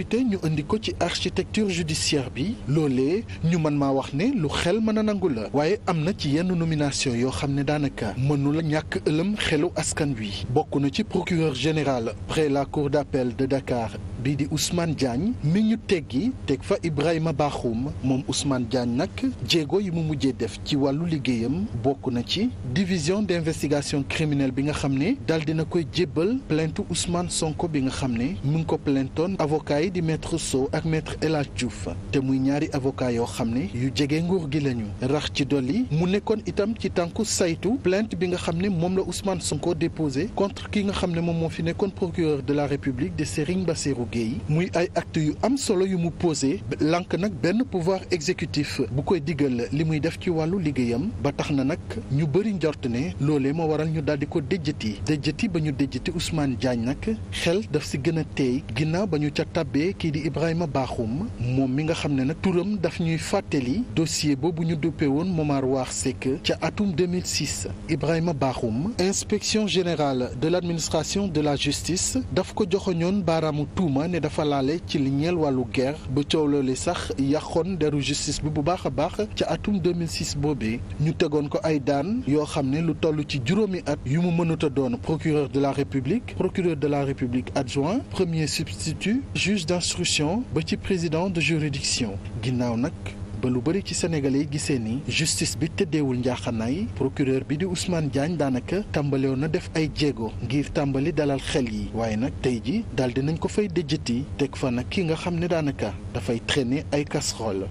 coppite ñu indi ko ci architecture judiciaire bi loolee ñu mën maa wax ne lu xel mën a nangu la waaye am na ci yenn nomination yoo xam ne daanaka mënula ñàkk ëlëm xelu askan wi bokk na ci procureur général près la cour d'appel de Dakar bii di Ousmane Diagne mi ñu teggi teg fa Ibrahima Bakhoum moom Ousmane Diagne nag jéego yi mu mujjee def ci wàllu liggéeyam bokk na ci division d'investigation criminelle bi nga xam ne daal dina koy jébbal plainte Ousmane Sonko bi nga xam ne mu ngi ko plaintoon avocat yi di maître so ak maître El Hadj te muy ñaari avocat yoo xam ne yu jege nguur gi lañu rax ci dolli mu nekkoon itam ci tànku saytu plainte bi nga xam ne moom la Ousmane Sonko déposé contre ki nga xam ne moom moo fi nekkoon procureur de la République de Serigne Bassirou toggee muy ay act yu am solo yu mu posé lànk nag benn pouvoir exécutif bu koy diggal li muy def ci wàllu liggéeyam ba tax na nag ñu bëri njort ne loolee moo waral ñu daal di ko déjjati déjjati ba ñu déjjati Ousmane jaañ nag xel daf si gën a teey ginnaaw ba ñu ca tabbee kii di Ibrahima Bakhoum moom mi nga xam ne nag turam daf ñuy fàttali dossier boobu ñu duppee woon Momar Wax Seck ca atum 2006 Ibrahima Bakhoum inspection général de l'administration de la justice daf tuuma ne dafa laale ci li wàllu guerre ba coow loole sax yàqoon deru justice bi bu baax a baax ca atum 2006 boobee ñu tegoon ko ay daan yoo xam ne lu toll ci juróomi at yu mu mënut a doon procureur de la république procureur de la république adjoint premier substitut juge d'instruction ba ci président de juridiction ginnaaw nag ba lu bëri ci sénégalais yi gisee ni justice bi tëddeewul njaaxanaay procureur bi di Ousmane Diagne daanaka tàmbalewoon na def ay jéego ngir tàmbali dalal xel yi waaye nag tey ji daal nañ ko fay déjjati teg fa nak ki nga xam ne daanaka dafay traîner ay casserole